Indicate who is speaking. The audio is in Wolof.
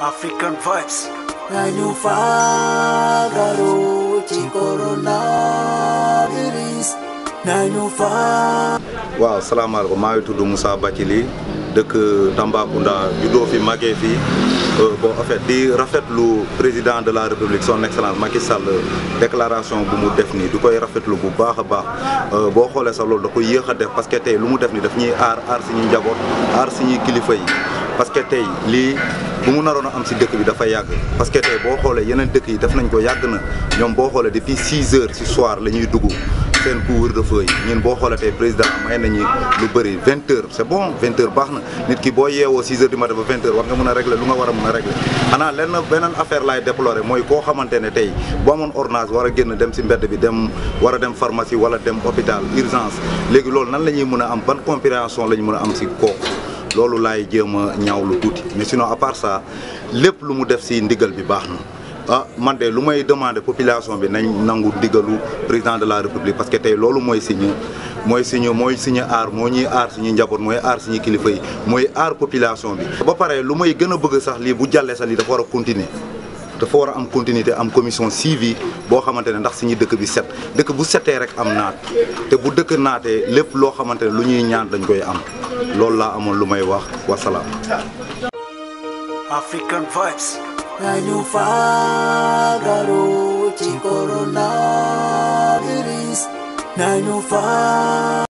Speaker 1: African vibes. Nanufagaro coronavirus.
Speaker 2: Nanufa. waaw salaamaaleykum maa ngi tudd Moussa Bathily dëkk Tambacounda juddoo fi màggee fi eh, bon en fait di rafetlu président de la république son excellence Macky Sall déclaration bu mu def nii du koy rafetlu bu baax a baax eh, boo xoolee sax loolu da koy yéex a def parce que tey lu mu def nii daf ñuy aar aar suñuy njaboot aar suñuy kilifa yi. parce que tey lii bu mu naroon a am si dëkk bi dafa yàgg parce que tey boo xoolee yeneen dëkk yi def nañ ko yàgg na ñoom boo xoolee depuis 6 heures si soir la ñuy dugg seen couvre-feu yi ñun boo xoolee tey président may nañu lu bëri 20 heures c'est bon heures baax na nit ki boo yeewoo 6 heures du matin ba 20 heures war nga mën a régler lu nga war a mën a régler xanaa lenn beneen affaire laay déplorer mooy koo xamante ne tey boo amoon ordonnance war a génn dem si mbedd bi dem war a dem pharmacie wala dem hôpital urgence léegi loolu nan la ñuy mën a am ban la ñu mën a am si kooku lolu lay jéem a ñaawlu tuuti mais sinon à part ça lepp lu mu def ci ndigal bi baax na ah man de lumay demander population bi nañ nangu ndigalu président de la république parce que tey lolu moy signe moy signe moy signe aar moo ñuy aar suñu njaboot mooy aar suñu kilifa yi moy aar population bi. ba paré lumay gëna bëgg sax li bu jallé sax li da war continuer dafa war am continuité am commission civi, bo xamante ne ndax suñu dëkk bi set dëkk bu setee rek am naat te bu dëkk naatee lepp lo xamante ne lu ñuy ñaan dañ koy am. loolu laa amoon lu may wax wasalaam.
Speaker 1: African Vibes. nañu faagaru ci coronavirus nañu faagaru.